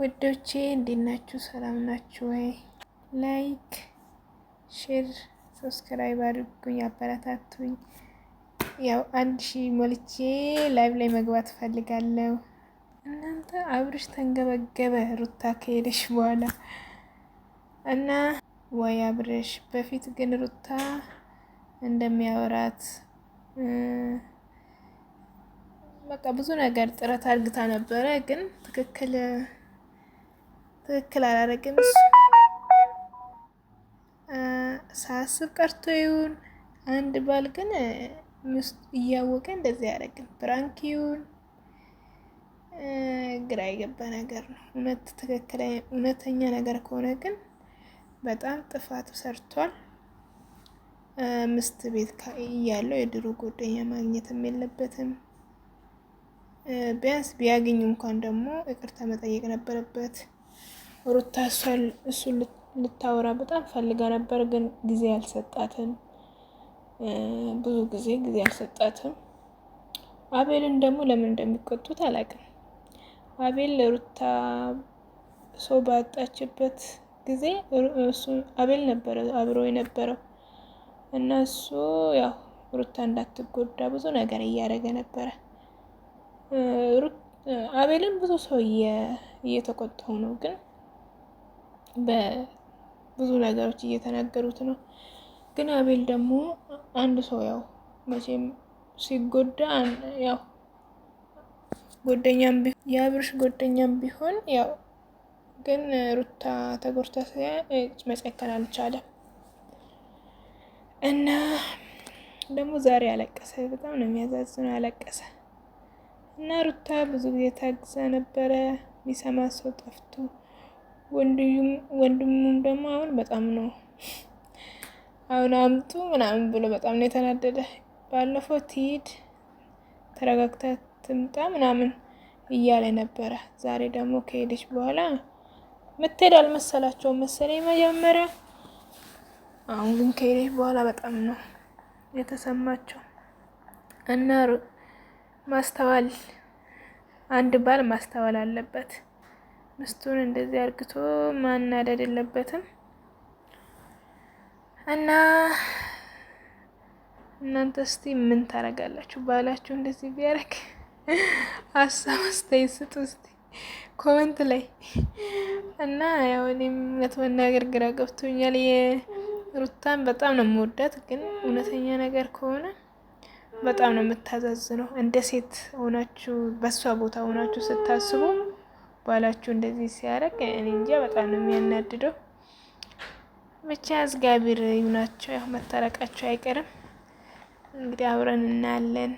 ውዶቼ እንዴት ናችሁ? ሰላም ናችሁ ወይ? ላይክ ሼር ሰብስክራይብ አድርጉኝ፣ አበረታቱኝ። ያው አንድ ሺ ሞልቼ ላይቭ ላይ መግባት እፈልጋለሁ። እናንተ አብርሽ ተንገበገበ ሩታ ከሄደሽ በኋላ እና ወይ አብርሽ። በፊት ግን ሩታ እንደሚያወራት በቃ ብዙ ነገር ጥረት አርግታ ነበረ ግን ትክክል ትክክል እሱ ሳስብ ቀርቶ ይሁን አንድ ባል ግን ሚስቱ እያወቀ እንደዚህ ያደረግን ፕራንክ ይሁን ግራ የገባ ነገር ነው። እውነት ትክክል እውነተኛ ነገር ከሆነ ግን በጣም ጥፋት ሰርቷል። ምስት ቤት እያለው የድሮ ጓደኛ ማግኘትም የለበትም። ቢያንስ ቢያገኙ እንኳን ደግሞ ይቅርታ መጠየቅ ነበረበት። ሩታ እሱ ልታወራ በጣም ፈልጋ ነበር፣ ግን ጊዜ አልሰጣትም። ብዙ ጊዜ ጊዜ አልሰጣትም። አቤልን ደግሞ ለምን እንደሚቆጡት አላውቅም። አቤል ሩታ ሰው ባጣችበት ጊዜ አቤል ነበረ አብሮ የነበረው እና እሱ ያው ሩታ እንዳትጎዳ ብዙ ነገር እያደረገ ነበረ። አቤልን ብዙ ሰው እየተቆጣው ነው ግን በብዙ ነገሮች እየተናገሩት ነው። ግን አቤል ደግሞ አንድ ሰው ያው መቼም ሲጎዳ ያው ጎደኛም ቢሆን የአብርሽ ጎደኛም ቢሆን ያው ግን ሩታ ተጎድታ መጨከን አልቻለም እና ደግሞ ዛሬ አለቀሰ። በጣም ነው የሚያዛዝነው። አለቀሰ እና ሩታ ብዙ ጊዜ ታግዛ ነበረ። የሚሰማ ሰው ጠፍቶ ወንድሙም ደግሞ አሁን በጣም ነው አሁን አምጡ ምናምን ብሎ በጣም ነው የተናደደ። ባለፈው ትሂድ ተረጋግታ ትምጣ ምናምን እያለ ነበረ። ዛሬ ደግሞ ከሄደች በኋላ ምትሄድ አልመሰላቸው መሰለኝ መጀመሪያ። አሁን ግን ከሄደች በኋላ በጣም ነው የተሰማቸው እና ማስተዋል አንድ ባል ማስተዋል አለበት። ምስቱን እንደዚህ አርግቶ ማናደድ የለበትም እና እናንተ እስቲ ምን ታረጋላችሁ? ባላችሁ እንደዚህ ቢያረግ ሀሳብ አስተያየት ስጡ እስቲ ኮመንት ላይ እና ያው እኔም እውነት መናገር ግራ ገብቶኛል። የሩታን በጣም ነው የምወዳት፣ ግን እውነተኛ ነገር ከሆነ በጣም ነው የምታዛዝነው። እንደ ሴት ሆናችሁ በእሷ ቦታ ሆናችሁ ስታስቡ ባላችሁ እንደዚህ ሲያደርግ እኔ እንጃ በጣም ነው የሚያናድደው። ብቻ እግዚአብሔር ይሁናቸው፣ ያው መታረቃቸው አይቀርም። እንግዲህ አብረን እናያለን።